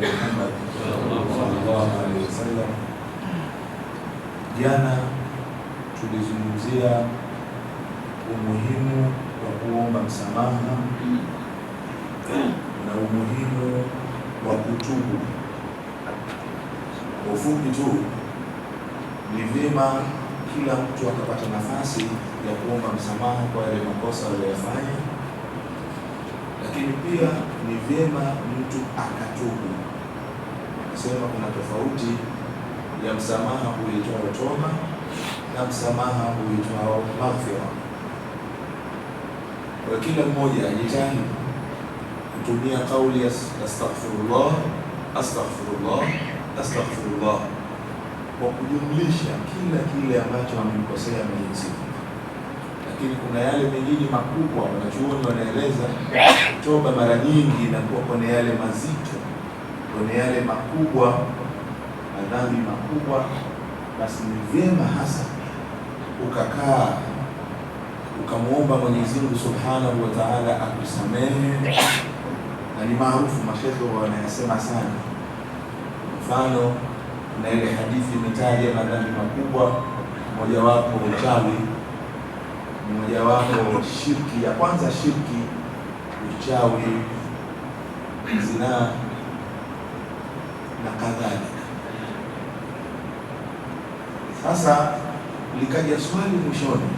Muhammad sallallahu alaihi wasallam. Jana tulizungumzia umuhimu wa kuomba msamaha na umuhimu wa kutubu. Kwa ufupi tu, ni vyema kila mtu akapata nafasi ya kuomba msamaha kwa yale makosa aliyofanya lakini pia ni vyema mtu akatubu. Sema kuna tofauti ya msamaha huitwao toba na msamaha huitwao maghfira. Kwa kila mmoja ajitahidi kutumia kauli ya astaghfirullah, astaghfirullah, astaghfirullah kwa kujumlisha kila kile ambacho amemkosea Mwenyezi Mungu lakini kuna yale mengine makubwa, wanachuoni wanaeleza toba mara nyingi inakuwa kwenye yale mazito, kwenye yale makubwa, madhambi makubwa. Basi ni vyema hasa ukakaa ukamwomba Mwenyezi Mungu Subhanahu wa Ta'ala akusamehe, na ni maarufu mashekhe wanayasema sana. Mfano na ile hadithi imetaja madhambi makubwa, mojawapo uchawi mojawapo shirki. Ya kwanza shirki, uchawi, zinaa na kadhalika. Sasa likaja swali mwishoni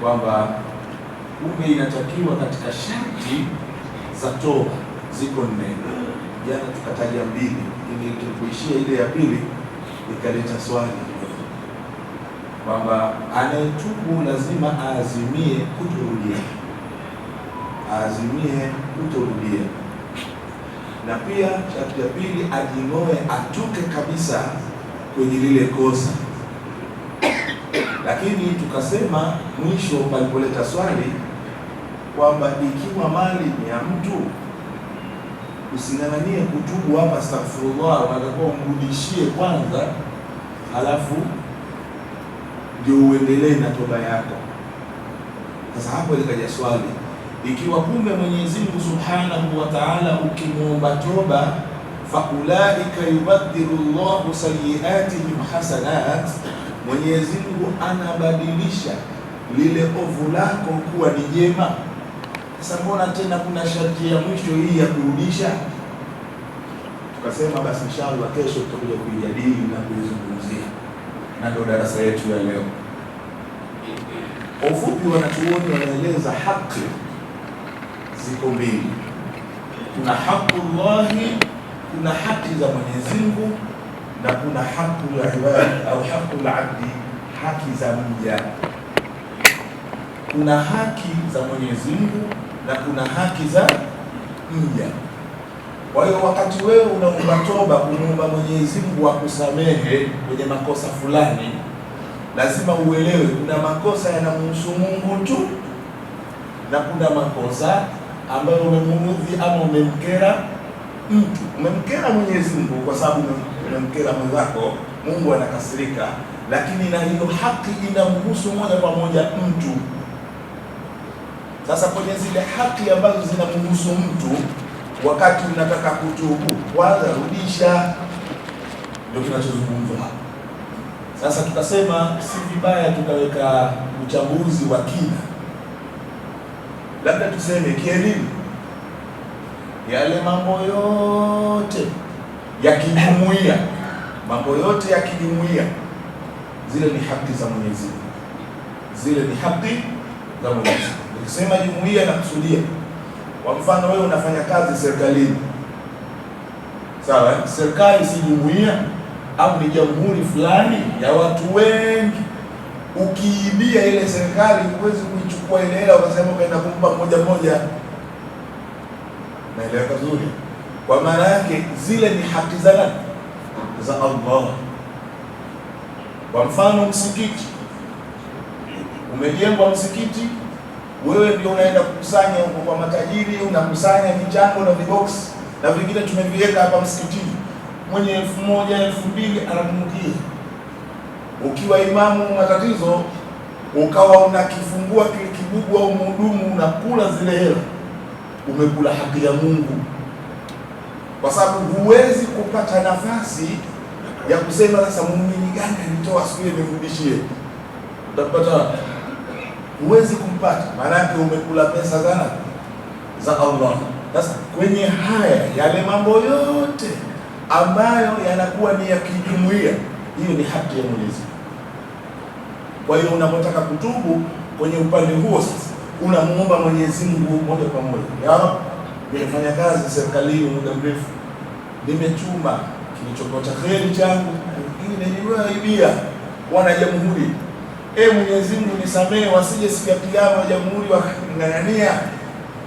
kwamba kumbe inatakiwa katika sharti za toba ziko nne. Jana tukataja mbili, ili tukuishia ile ya pili ikaleta swali kwamba anayetubu lazima aazimie kutorudia, aazimie kutorudia, na pia sharti ya pili ajing'oe, atoke kabisa kwenye lile kosa. Lakini tukasema mwisho palipoleta swali kwamba ikiwa mali ni ya mtu using'ang'anie kutubu hapa, astaghfirullah, unatakiwa umrudishie kwanza, halafu ndio uendelee na toba yako. Sasa hapo likaja swali, ikiwa kumbe Mwenyezi Mungu Subhanahu wa Ta'ala ukimwomba toba fa ulaika yubaddilu llahu sayiatihim hasanat, Mwenyezi Mungu anabadilisha lile ovu lako kuwa ni jema. Sasa mbona tena kuna sharti ya mwisho hii ya kurudisha? Tukasema basi inshallah kesho tutakuja kuijadili na kuizungumzia na ndio darasa yetu ya leo. Kwa ufupi, wanachuoni wanaeleza haki ziko mbili, kuna haqullahi, kuna haki za Mwenyezi Mungu na kuna haqul ibadi au haqul abdi, haki za mja. Kuna haki za Mwenyezi Mungu na kuna haki za mja. Kwa hiyo wakati wewe unaomba toba, unaomba Mwenyezi Mungu akusamehe kwenye makosa fulani, lazima uelewe kuna makosa yanamhusu Mungu tu na kuna makosa ambayo umemuudhi ama umemkera mtu, umemkera Mwenyezi Mungu kwa sababu umemkera mwenzako, Mungu anakasirika, lakini na hiyo haki inamhusu moja kwa moja mtu. Sasa kwenye zile haki ambazo zinamhusu mtu wakati unataka kutubu, kwanza rudisha. Ndio kinachozungumzwa hapa. Sasa tukasema si vibaya tukaweka uchambuzi wa kina, labda tuseme kielimu, yale mambo yote ya kijumuiya, mambo yote ya kijumuiya, zile ni haki za Mwenyezi Mungu, zile ni haki za Mwenyezi Mungu. Nikisema jumuiya nakusudia kwa mfano wewe unafanya kazi serikalini, sawa? Eh? Serikali si jumuiya au ni jamhuri fulani ya watu wengi. Ukiibia ile serikali, huwezi kuichukua ile hela ukasema ukaenda kumpa moja moja Naeleweka vizuri? Kwa maana yake zile ni haki za nani? Za Allah. Kwa mfano msikiti, umejengwa msikiti wewe ndio unaenda kukusanya huko kwa matajiri, unakusanya michango na vibox na vingine tumeviweka hapa msikitini, mwenye elfu moja elfu mbili anatunukia. Ukiwa imamu matatizo, ukawa unakifungua kile kibugu au mhudumu, unakula zile hela, umekula haki ya Mungu, kwa sababu huwezi kupata nafasi ya kusema sasa muumini gani alitoa siku ile nirudishie, utapata huwezi kumpata, maanake umekula pesa sana za Allah. Sasa kwenye haya yale mambo yote ambayo yanakuwa ni ya kijumuiya, hiyo ni haki ya Mwenyezi. Kwa hiyo unapotaka kutubu kwenye upande huo sasa unamuomba Mwenyezi Mungu moja kwa moja, ya nimefanya kazi serikalini muda mrefu, nimechuma kilichokuwa cha kheri changu, kingine nimewaibia wana jamhuri e, Mwenyezi Mungu nisamehe, wasije sikapigana wa jamhuri wakang'ang'ania,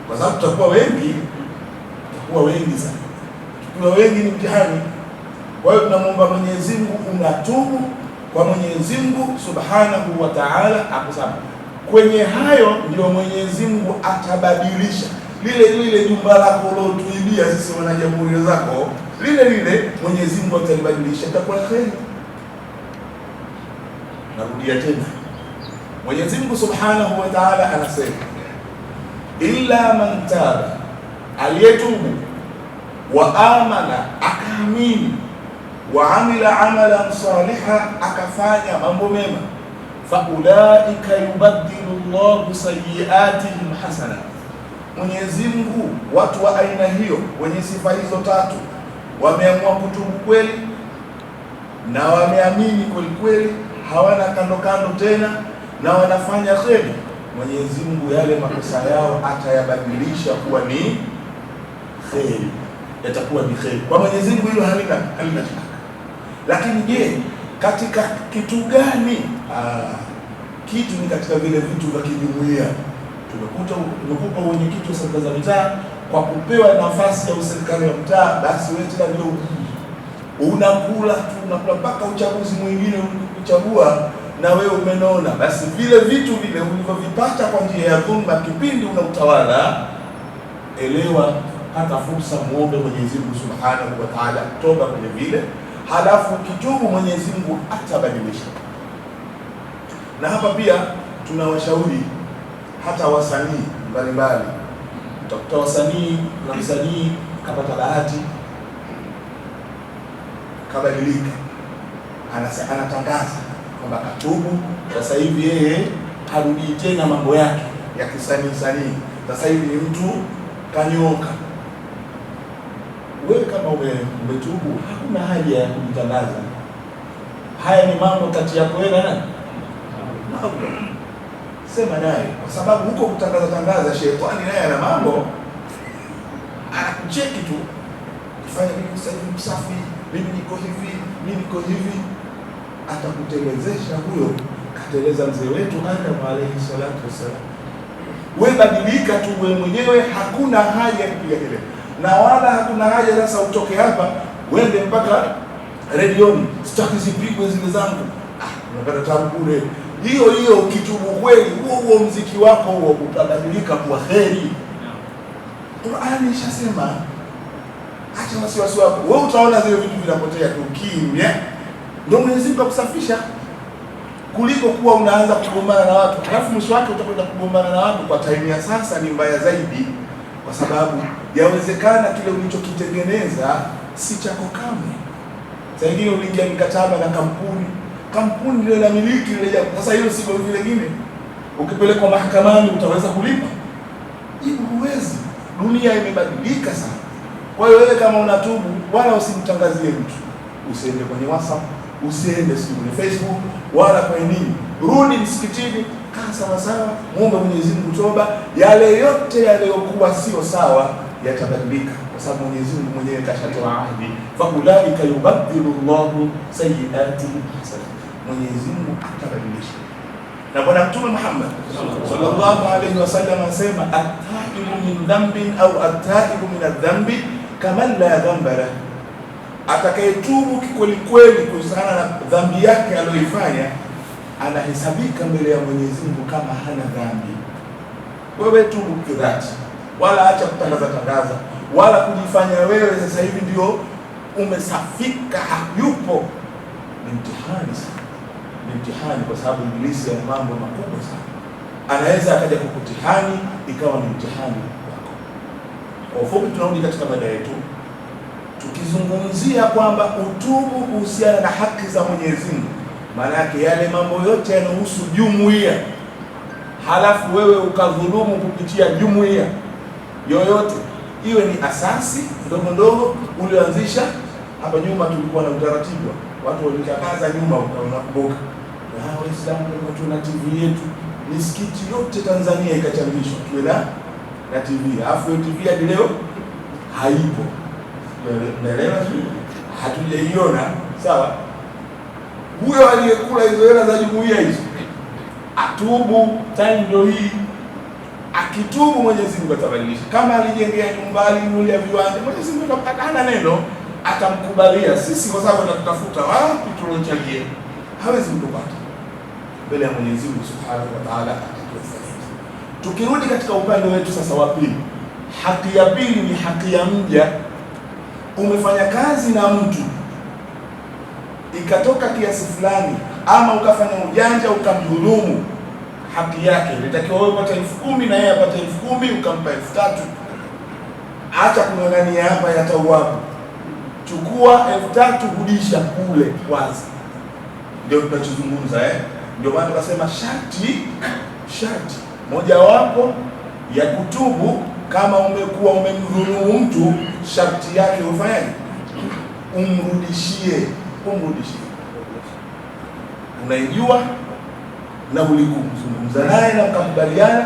kwa sababu tutakuwa wengi, tutakuwa wengi sana, tukiwa wengi ni mtihani. Kwa hiyo tunamwomba Mwenyezi Mungu, unatubu kwa Mwenyezi Mungu Subhanahu wa Ta'ala akusama kwenye hayo, ndio Mwenyezi Mungu atabadilisha lile lile jumba lako ulotuibia sisi jamhuri zako lile lile Mwenyezi Mungu atalibadilisha, itakuwa kheri. Narudia tena Mwenyezi Mungu Subhanahu wa Ta'ala anasema illa man taba, aliyetubu wa amana, akaamini wa amila amalan saliha, akafanya mambo mema, fa ulaika yubaddilu llahu sayiatihim hasana, Mwenyezi Mungu watu wa aina hiyo wenye sifa hizo tatu wameamua kutubu kweli na wameamini kweli kweli, hawana kando kando tena na wanafanya kheri, Mwenyezi Mungu yale makosa yao atayabadilisha kuwa ni kheri, yatakuwa ni kheri kwa Mwenyezi Mungu. Hilo halina halina shaka. Lakini je, katika kitu gani? Aa, ah, kitu ni katika vile vitu vya kijumuiya. Tumekuta umekupa uwenyekiti wa serikali za mitaa kwa kupewa nafasi ya userikali wa mtaa, basi wewe tena ndio unakula tu unakula mpaka uchaguzi mwingine ukichagua na wewe umenona, basi vile vitu vile ulivyovipata kwa njia ya dhulma kipindi una utawala, elewa hata fursa, muombe Mwenyezi Mungu Subhanahu wa Ta'ala toba kwenye vile, halafu kitubu, Mwenyezi Mungu atabadilisha. Na hapa pia tunawashauri hata wasanii mbalimbali, utakuta wasanii na msanii kapata bahati kabadilika, anatangaza kwamba katubu sasa hivi, yeye harudii tena mambo yake ya kisanii sanii, sasa hivi ni mtu kanyoka. Wewe kama umetubu, hakuna haja ya kujitangaza. Haya ni mambo kati yako wewe na nani? Sema naye, kwa sababu huko kutangaza tangaza, shetani naye ana mambo, anakucheki tu, kufanya mimi sasa hivi msafi, mimi niko hivi, mimi niko hivi atakutelezesha huyo kateleza mzee wetu Adamu alayhi salatu wassalam. We badilika tu mwenyewe, hakuna haja ya kupiga kelele na wala hakuna haja sasa utoke hapa uende mpaka redioni, sitaki zipigwe zile zangu, ah, unapata tabu kule. Hiyo hiyo ukitubu kweli, huo huo mziki wako huo utabadilika kuwa heri. Qur'ani ishasema, acha wasiwasi wako wewe, utaona zile vitu vinapotea tu kimya ndio Mwenyezi Mungu akusafisha kuliko kuwa unaanza kugombana na watu halafu mwisho wake utakwenda kugombana na watu. Kwa time ya sasa ni mbaya zaidi, kwa sababu yawezekana kile ulichokitengeneza si chako kamwe. Saa ingine uliingia mkataba na kampuni, kampuni ile ndio miliki ile ya Sasa hiyo si vile lingine, ukipelekwa mahakamani utaweza kulipa jibu? Huwezi. Dunia imebadilika sana. Kwa hiyo wewe kama unatubu, wala usimtangazie mtu, usiende kwenye WhatsApp Usiende siku Facebook wala kwenye nini, rudi msikitini, kaa sawa sawa, muombe Mwenyezi Mungu toba. Yale yote yaliyokuwa sio sawa yatabadilika, kwa sababu Mwenyezi Mungu mwenyewe kashatoa ahadi, fa ulaika yubaddilu llahu sayiati hasanat, Mwenyezi Mungu atabadilisha. Na Bwana Mtume Muhammad sallallahu alaihi wasallam anasema, ataibu min dhambin au ataibu min adhambi kaman la dhamba lahu atakayetubu kikweli kweli kuhusiana na dhambi yake aliyoifanya anahesabika mbele ya Mwenyezi Mungu kama hana dhambi. Wewe tubu kidhati, wala acha kutangaza tangaza, wala kujifanya wewe sasa hivi ndio umesafika. Hayupo. Ni mtihani sana, ni mtihani kwa sababu Ibilisi ana mambo makubwa sana, anaweza akaja kukutihani ikawa ni mtihani wako. Kwa ufupi, tunarudi katika mada yetu tukizungumzia kwamba utubu kuhusiana na haki za Mwenyezi Mungu, maana yake yale mambo yote yanahusu jumuiya. Halafu wewe ukadhulumu kupitia jumuiya yoyote, iwe ni asasi ndogo ndogo ulioanzisha. Hapa nyuma tulikuwa na utaratibu, watu walitakaza nyuma, unakumbuka Waislamu tuna TV yetu, misikiti yote Tanzania ikachangishwa, tuwe na TV, alafu TV hadi leo haipo. Unaelewa? Hatujaiona, sawa. Huyo aliyekula hizo hela za jumuiya hizo atubu, time ndio hii. Akitubu Mwenyezi Mungu atabadilisha. Kama alijengea nyumba, alinunulia viwanja, Mwenyezi Mungu hana neno, atamkubalia. Sisi kwa sababu tunatafuta wapi tulochangia, hawezi kutupata mbele ya Mwenyezi Mungu Subhanahu wa Ta'ala. Tukirudi katika upande wetu sasa wa pili, haki ya pili ni haki ya mja umefanya kazi na mtu ikatoka kiasi fulani, ama ukafanya ujanja ukamdhulumu, haki yake ilitakiwa wewe upate elfu kumi na yeye apate elfu kumi ukampa elfu tatu Acha kung'ang'ania hapa ya chukua elfu tatu rudisha kule kwanza Ndio tunachozungumza eh? Ndio maana tukasema sharti, sharti mojawapo ya kutubu kama umekuwa umemdhulumu mtu, sharti yake ufanye Umrudishie, umrudishie. Unaijua na ulikumzungumza naye na mkakubaliana,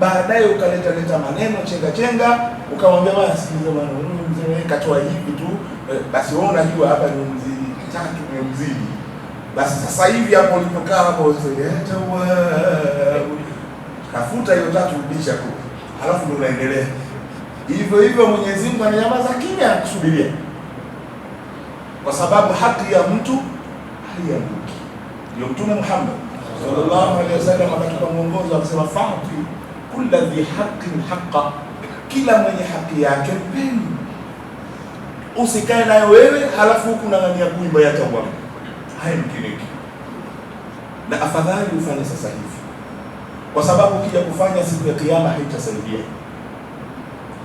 baadaye ukaleta leta maneno chenga chenga, ukamwambia bwana, sikiliza bwana, mzee katoa hivi tu eh, basi, wewe unajua hapa ni mzidi tatu, ni mzidi basi. Sasa hivi hapo ulipokaa hapo, kafuta hiyo tatu, rudisha kule halafu ndo unaendelea hivyo hivyo. Mwenyezi Mungu ananyamaza kimya, anakusubiria kwa sababu haki ya mtu haianguki. Ndio Mtume Muhammad sallallahu alaihi wasallam akatupa mwongozo akisema, fa'ti kulla dhi haqqin haqqa, kila mwenye haki yake mpeni, usikae nayo wewe halafu huku unang'ania kuiba yatawaa haya mkiniki, na afadhali ufanye sasa hivi kwa sababu ukija kufanya siku ya kiyama haitasaidia.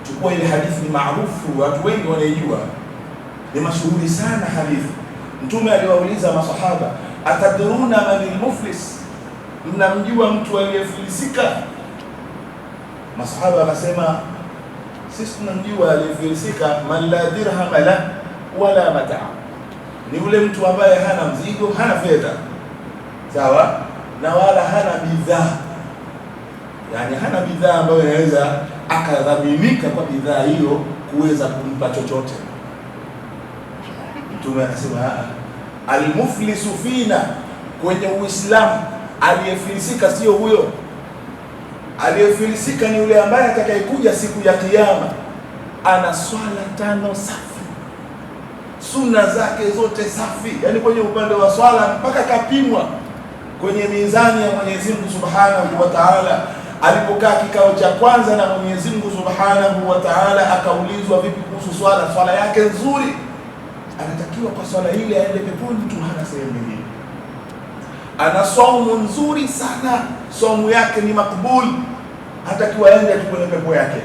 Chukua ile hadithi, ni maarufu, watu wengi wanaijua, ni mashuhuri sana hadithi. Mtume aliwauliza masahaba, atadruna man almuflis, mnamjua mtu aliyefilisika? Masahaba wanasema sisi tunamjua aliyefilisika, man la dirhama la wala mataa, ni yule mtu ambaye hana mzigo, hana fedha, sawa na wala hana bidhaa yaani hana bidhaa ambayo inaweza akadhaminika kwa bidhaa hiyo kuweza kumpa chochote. Mtume anasema almuflisu fina, kwenye Uislamu aliyefilisika sio huyo. Aliyefilisika ni yule ambaye atakayekuja siku ya Kiyama ana swala tano safi, sunna zake zote safi, yani kwenye upande wa swala mpaka kapimwa kwenye mizani ya Mwenyezi Mungu Subhanahu wa Ta'ala alipokaa kikao cha kwanza na Mwenyezi Mungu Subhanahu wa Ta'ala, akaulizwa vipi kuhusu swala, swala yake nzuri, anatakiwa kwa swala ile aende peponi tu, hana sehemu nyingine. Ana saumu nzuri sana, somu yake ni makbuli, hatakiwa aende tu kwenye pepo yake.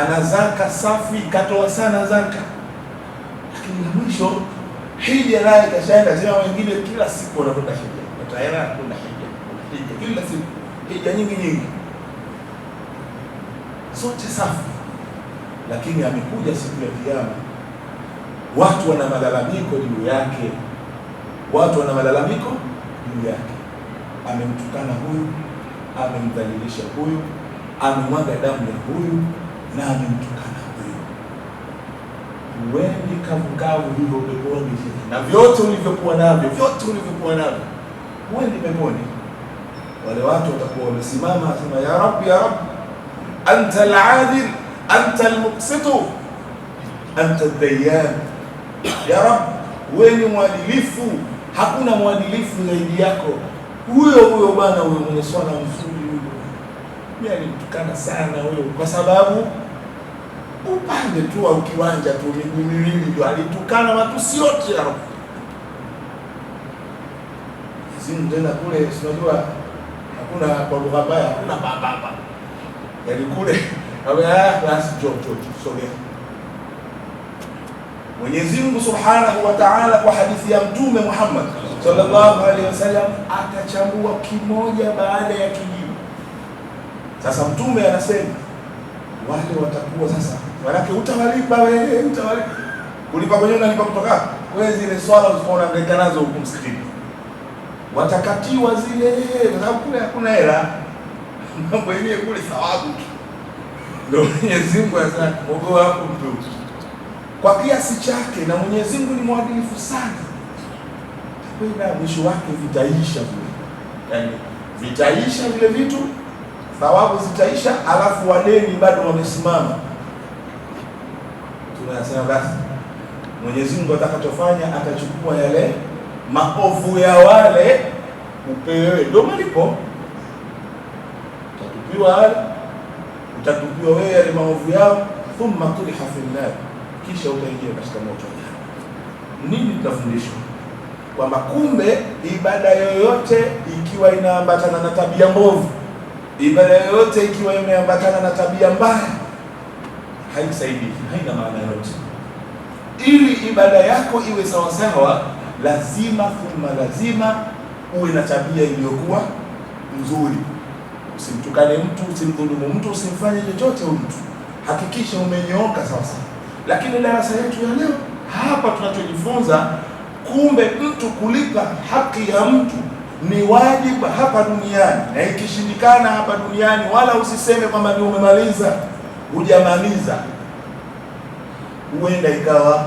Ana zaka safi, katoa sana zaka, lakini la mwisho hija naye kashaenda. Tena wengine kila siku wanakwenda hija, wataenda kwenda hija, hija kila siku hija nyingi nyingi, zote safi, lakini amekuja siku ya Kiyama, watu wana malalamiko juu yake, watu wana malalamiko juu yake. Amemtukana huyu, amemdhalilisha huyu, amemwaga damu ya huyu na amemtukana huyu. Wendi kavukavu hivyo peponi, na vyote ulivyokuwa navyo, vyote ulivyokuwa navyo, wendi peponi wale watu watakuwa wamesimama, asema ya Rab, ya Rab, anta aladil anta al anta dayan Ya Rab, wewe ni mwadilifu, hakuna mwadilifu zaidi yako. Huyo huyo bwana huyo mwenye swala mzuri huyo, mimi alimtukana sana huyo, kwa sababu upande tu au kiwanja tu miguu miwili ndio alitukana watu siote. Ya Rab, simu tena kule, sinajua hakuna kwa lugha mbaya, hakuna bababa, yaani kule basi njoo njoo, sogea. Mwenyezi Mungu Subhanahu wa Ta'ala kwa hadithi ya Mtume Muhammad sallallahu alaihi wasallam atachambua kimoja baada ya kingine. Sasa Mtume anasema wale watakuwa sasa, manake utawalipa wewe, utawalipa kulipa kwenye unalipa kutoka wewe, zile swala unaangaika nazo huko msikitini watakatiwa zile kwa sababu kule hakuna hela, mambo yenyewe kule thawabu tu, ndio Mwenyezi Mungu anasema hapo mtu kwa kiasi chake, na Mwenyezi Mungu ni mwadilifu sana. Kwenda mwisho wake vitaisha vile, yani vitaisha vile vitu, thawabu zitaisha, alafu wadeni bado wamesimama. Tunasema basi Mwenyezi Mungu atakachofanya atachukua yale maovu ya wale upewe, ndio malipo. Utatupiwa wale, utatupiwa wewe yale maovu yao, thumma tuliha fi nar, kisha utaingia katika moto wa Nini tunafundishwa? Kwamba kumbe ibada yoyote ikiwa inaambatana na tabia mbovu, ibada yoyote ikiwa imeambatana na tabia mbaya, haisaidii, haina maana yoyote. Ili ibada yako iwe sawasawa lazima thumma lazima uwe na tabia iliyokuwa nzuri. Usimtukane mtu, usimdhulumu mtu, usimfanye chochote mtu, hakikisha umenyooka sasa. Lakini darasa yetu ya leo hapa tunachojifunza, kumbe mtu kulipa haki ya mtu ni wajibu hapa duniani, na ikishindikana hapa duniani, wala usiseme kwamba ni umemaliza. Hujamaliza, huenda ikawa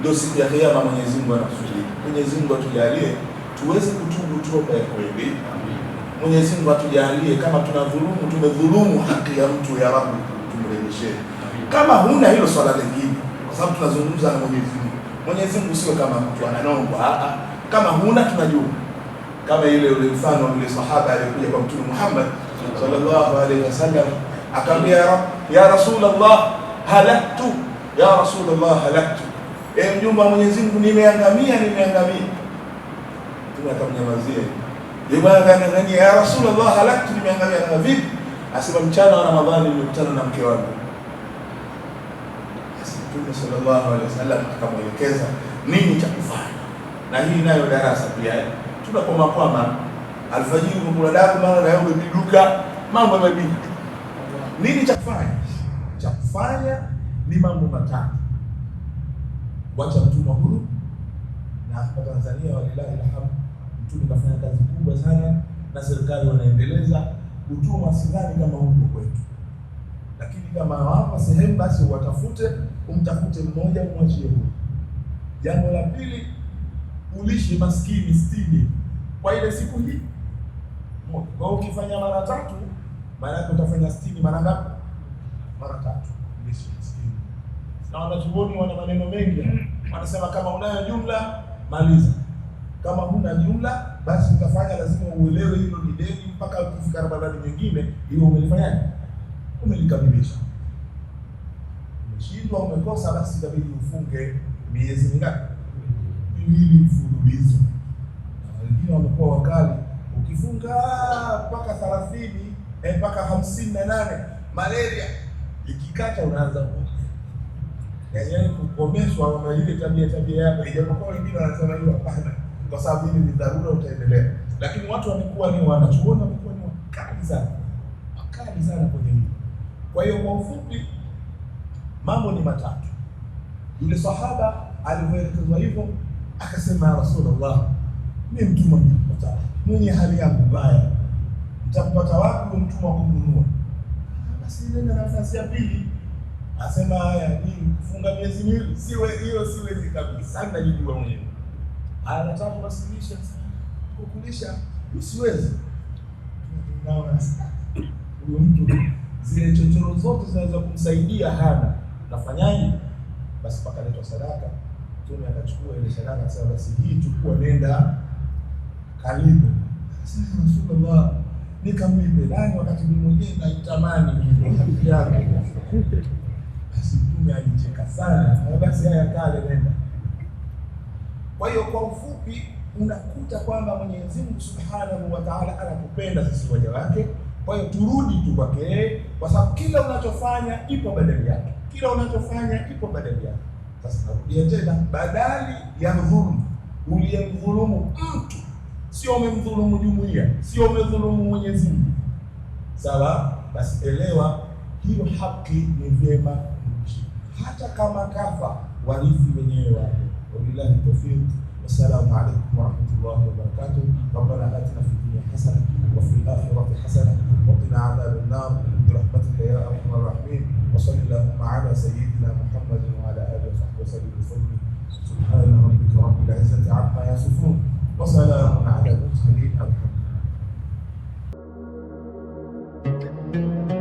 ndio siku ya Kiyama Mwenyezi Mungu anakusudia. Mwenyezi Mungu atujalie tuweze kutubu toba ya kweli. Mwenyezi Mungu atujalie kama tunadhulumu, tumedhulumu haki ya mtu, ya Rabu tumrejeshe. Kama huna hilo swala lingine, kwa sababu tunazungumza na Mwenyezi Mungu. Mwenyezi Mungu sio kama mtu ananongwa. Kama huna tunajua, kama ile ule mfano wa sahaba aliyokuja kwa Mtume Muhammad sallallahu alaihi wasallam akamwambia, ya Rasulullah halaktu, ya Rasulullah halaktu e, mjumba wa Mwenyezi Mungu, nimeangamia, nimeangamia. Mtume akamnyamazia yule bwana, kanangania ya Rasulullah, halaktu, nimeangamia. Na vipi? Asema mchana wa Ramadhani nimekutana na mke wangu. Mtume sallallahu alaihi wasallam akamwelekeza nini cha kufanya, na hii nayo darasa pia tunakwama kwama alfajiri kula daku mara na yeye biduka mambo yamebidi. Nini cha kufanya? Cha kufanya ni mambo matatu kuacha mtumwa huru, na hapa Tanzania walilahi lhamu mtume kafanya kazi kubwa sana, na serikali wanaendeleza utumwa. Sidhani kama huko kwetu, lakini kama hapa sehemu, basi watafute, umtafute mmoja umwachie huru. Jambo la pili, ulishi maskini sitini kwa ile siku hii. Kwa ukifanya mara tatu, maana yake utafanya sitini mara ngapi? Mara tatu. Ulishi na wanachuoni wana maneno mengi, wanasema kama unayo jumla maliza, kama huna jumla basi utafanya, lazima uelewe hilo ni deni mpaka kufika Ramadhani nyingine, hiyo umelifanyaje? Umelikamilisha. Umeshindwa, umekosa, basi itabidi ufunge miezi mingapi? Miwili mfululizo. Na wengine wamekuwa wakali, ukifunga mpaka thelathini eh, mpaka hamsini na nane malaria ikikata unaanza yaani yaani kukomeshwa wana ile tabia tabia yako, ijapokuwa wengine wanasema hiyo hapana, kwa sababu hili ni dharura, utaendelea. Lakini watu wamekuwa ni wanachuoni wamekuwa ni wakali sana, wakali sana kwenye hili. Kwa hiyo kwa ufupi, mambo ni matatu. Yule sahaba alivyoelekezwa hivyo akasema, ya Rasulullah, mimi mtumwa nitakupata mwenye hali yangu mbaya, nitakupata wapi? Mtumwa kumnunua? Basi nenda nafasi ya pili Asema haya ni kufunga miezi miwili, siwe hiyo, siwezi kabisa, najijua mwenyewe. Anataka kuwasilisha kukulisha, siwezi huyo mtu, zile chochoro zote zinaweza kumsaidia hana, nafanyaje? Basi pakaletwa sadaka, mtume akachukua ile sadaka, sasa basi hii chukua, nenda karibu Rasulullah nikamlipe nani, wakati mimi mwenyewe naitamani yako Mtume alicheka sana, basi haya kale nenda. Kwa hiyo kwa ufupi, unakuta kwamba Mwenyezi Mungu Subhanahu wa Ta'ala anatupenda sisi waja wake. Kwa hiyo turudi tu kwake, kwa sababu kila unachofanya ipo badali yake, kila unachofanya ipo badali yake. Sasa narudia tena, badali ya dhulma, uliyemdhulumu mtu sio umemdhulumu jumuiya, sio umedhulumu Mwenyezi Mungu. Sawa, basi elewa hiyo haki ni vyema hata kama kafa warithi wenyewe wake. Wabillahi tawfiq, wassalamu alaikum warahmatullahi wabarakatuh. Rabbana atina fi dunya hasana wa fil akhirati hasana wa qina adhaban nar برحمتك يا ارحم الراحمين وصل اللهم على سيدنا محمد وعلى اله وصحبه وسلم وسلم سبحان ربك رب العزه عما يصفون وسلام على المرسلين الحمد Thank you.